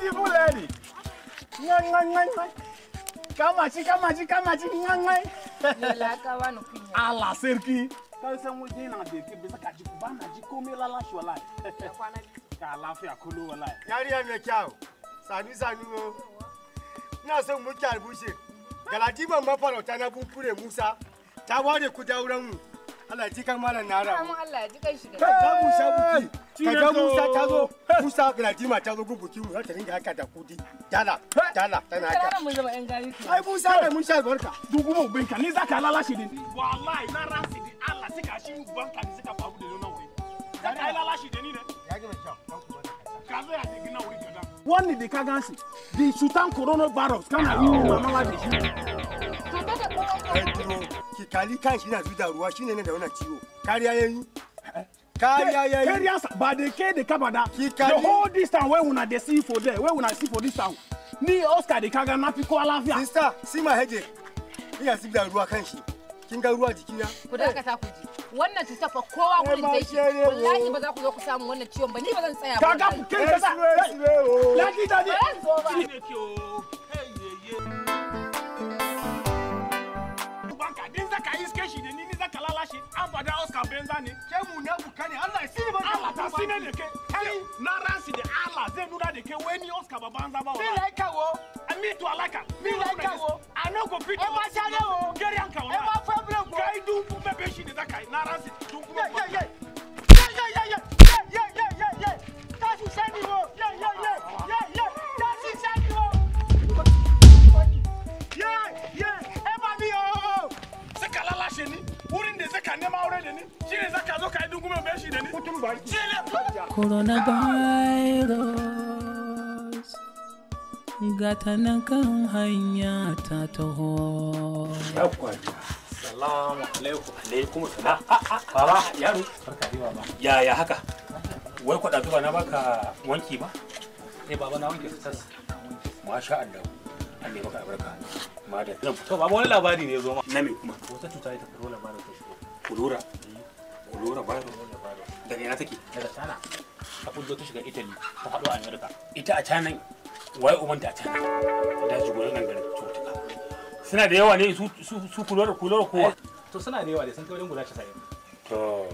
beautiful lady. Kamachi, kamachi, kamachi. Ala serki. Kansan waje na da yake bisa kaji ba na ji komai lalashi wallahi. Ka lafiya kulo wallahi. Yariya mai kyau. Sanu sanu o. Ina son muke albushe. Galadiman mafarauta na bufure Musa. Ta ware ku da mu. Allah ji kan malam nara. Amin Allah ji kan shi da. Ka ga Musa buki. Ka ga Musa ta zo. Musa Galadima ta zo gubuki mu za ta ringa haka da kudi. Dala, dala tana haka. Kana mun zama yan gari. Ai Musa da mun sha barka. Duk mu bin ka ni za ka lalashe din. Wallahi na rasi din Allah ka shi banka ni suka faru da nan wai. Zaka lalace din ne. Ya ga kyau. Ka zo ya digi nan wai kadan. Wani da ka gansu. Di cutan coronavirus kana yi mama wa da shi. kali kan shi na zuda ruwa shine ne da wannan ciwo kariya yayi kariya yayi kariya ba da ke da kaba da the whole distance wey una dey see for there wey una see for this town ni oscar de kaga na fi ko lafiya sister see my ruwa kan shi kin ga ruwa jikina ku ku ji wannan cuta fa kowa gurin zai shi wallahi ba za ku zo ku samu wannan ciwon ba ni ba zan tsaya ba kaga kin kaza da ni sine de ke ɛni nara si de ala zenura de ke wɛni oskababanzaba eh, o la. mi laika wo. mi to alaka. mi laika wo. a n'o ko pito. o ma ca ne o. neman aure shi ne coronavirus gata nan kan hanya ta taho salamu ah, ah. haka wai kwada zuba na baka wanki ba eh baba na wanke sas masha Allah Allah ya baka albarka ma da zan fito baba wani labari ne zo ma na me kuma wata cuta ita corona virus Kulura. Kulura Bayro. Daga ina take? Daga China. Ta kullo ta shiga Italy ta haɗu a Amerika. Ita a China wai ubanta a China. Da shi gurin nan garin cutuka. Suna da yawa ne su su su kulura kulura ko? Eh, to suna da yawa ne sun kai wajen guda 90. To.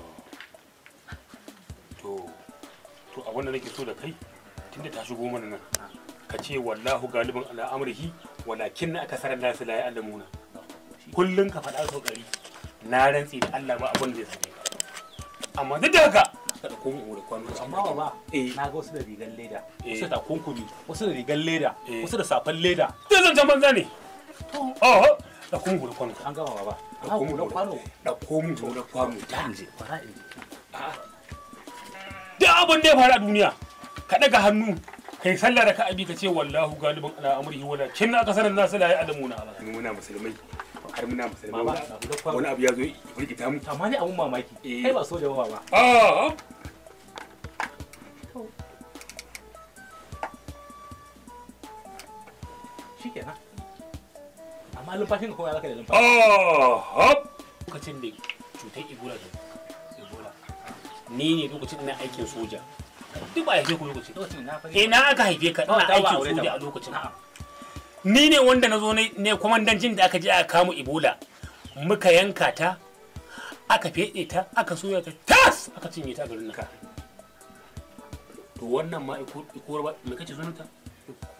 To. To abin da nake so da kai tunda ta shigo mana nan. Ka ce wallahu galibin al'amurhi walakin na akasarar nasu la ya alamuna. Kullum ka faɗa sau ɗari. na rantsi da Allah ba abin da zai sani ka amma duk da haka ka da kuma wuri kwano amma ba eh. na ga wasu da rigar leda eh. wasu da takunkumi, wasu da rigar leda eh. wasu da safan leda duk zan can banza ne oh da kuma wuri kwano an gama baba da kuma wuri kwano da kuma wuri kwano ta inje fara inje Da abin da ya faru a duniya ka daga hannu kai sallar da ka abi ka ce wallahu galibin ala amrihi wala kin aka sanar nasu la ya alamuna muna musulmai har muna musulma wani abu ya zo ya firgita mu amma ne abun mamaki eh. kai ba soja ba ba ah, ah. shikenan amma lumfashin ka kuma zaka da lumfashi ah, lokacin da cutar ebola da ebola ni ne lokacin ina aikin soja duk ba haife ku lokacin eh aka haife ka ina aikin soja a lokacin ni ne wanda na zo ne kwamandancin da aka je a kamu ibola muka yanka ta aka feɗe ta aka soya ta tas aka cinye ta garin naka to wannan ma ikuwar ba mai kace sunanta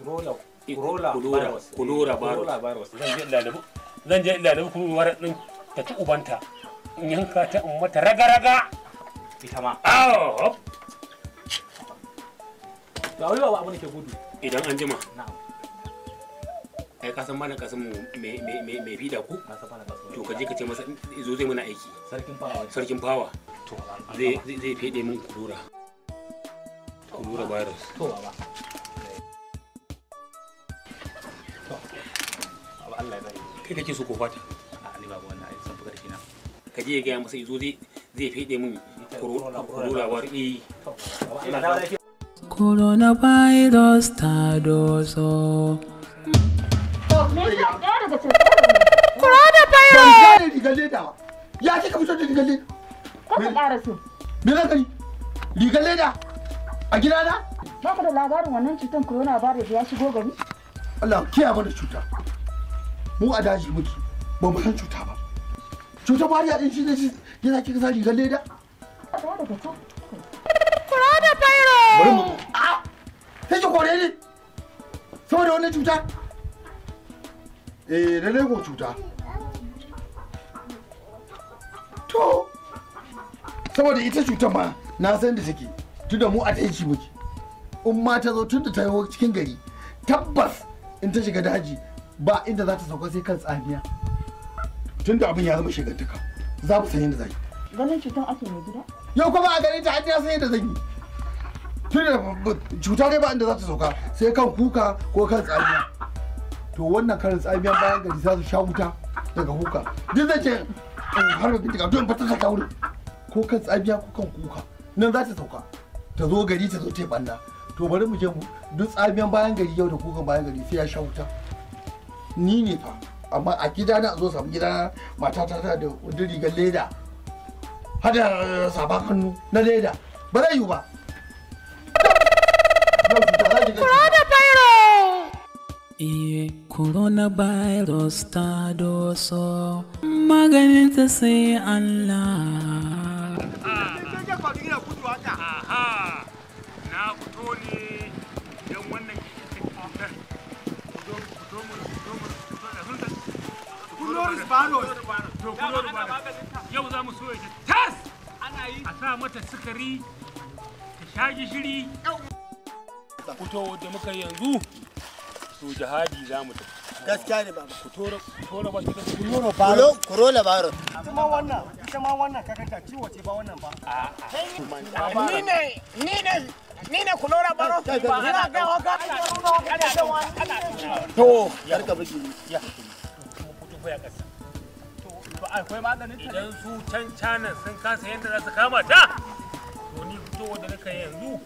kurola kurola kurola kurola baros zan je lalabu zan je lalabu kurola din ta ci ubanta in yanka ta in mata raga raga ita ma awo ba wai ba abu ne ke gudu idan an jima na'am ai ka san mana kasan mu mai fida ku to ka je ka ce masa zo zai mana aiki sarkin fawa zai fede min kurura kurura virus to baba Allah ya bari kai kake so ko fata a ni babu wannan ai san fuka kina ka je ya ga masa zo zai zai fede min kurura virus eh. Coronavirus ta doso. lokacin corona virus ban gane rigar leda ba ya kika fito da rigar leda kaka ƙara so me za ka yi rigar leda a gidana ba ka da labarin wannan cutar corona virus ya shigo gari Allah kiyaye mana cuta mu a daji muke ba mu san cuta ba cutar mariya din shi ne shi yana kika sa rigar leda corona virus bari mu a ah! sai ki kore ni saboda wannan cuta eh lalle ko cuta to saboda ita cutar ma na san da take tun da mu a taiki muke in ma ta zo tun da ta yi cikin gari tabbas in ta shiga daji ba inda za ta sauka sai kan tsamiya tun da abin ya zama shigantaka za mu san yadda zaki. ganin cutar ake mai gida yau kuma a gare ta an ya san yadda zan yi tun da cuta dai ba inda za ta sauka sai kan kuka ko kan tsamiya to wannan karin tsabiyan bayan gari za su sha wuta daga huka duk zai ce oh, in harba bindiga don in fata ta kauri ko kan tsamiya ko kan kuka nan za ta sauka ta zo gari ta zo ta banna to bari mu je mu duk tsabiyan bayan gari yau da kukan bayan gari sai ya sha wuta ni ne fa amma a gidana a zo samu gidana matata ta da rigar leda hada sabon hannu na leda ba zai yiwu ba Brother Yeah. coronavirus ta doso maganin ta sai Allah na fito yau za mu so ya tas a sa mata sukari ta sha gishiri fito da muka yanzu to jihadi za mu tafi gaskiya ne baba ku tora ku tora ba ku tora ku rola ba ita ma wannan ita ma wannan ka ta ciwo ce ba wannan ba ni ne ni ne ni ne ku rola baro ba ina ga waka waka da wani ana to yarka biki ya ku ku ya kasa to ba akwai maganin ta idan su can canan sun kasa yadda za su kama ta to ni fitowa da nake yanzu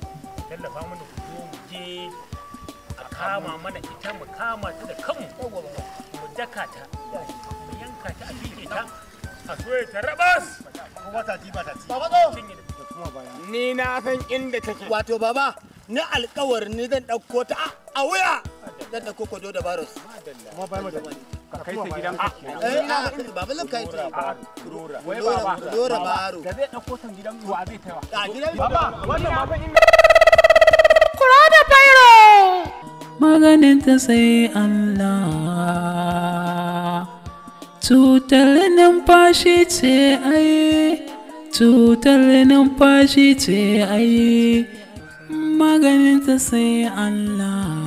tallafa mana ku je kama mana ita mu kama ta da kanmu mu daka ta mu yanka ta a fiƙe ta a soya ta rabas kuma ta jiba ta ci baba zo ni na san inda take wato baba na alkawar ni zan dauko ta a wuya zan ɗauko kwado da baros kuma bai mu da ka kai ta gidan ka eh a baba zan kai ta lora lora baro da zai dauko ta gidan mu a zai taiwa a gidan baba wannan baba inda maganinta sai Allah cutar numfashi ce ai cutar numfashi ce ai maganinta sai Allah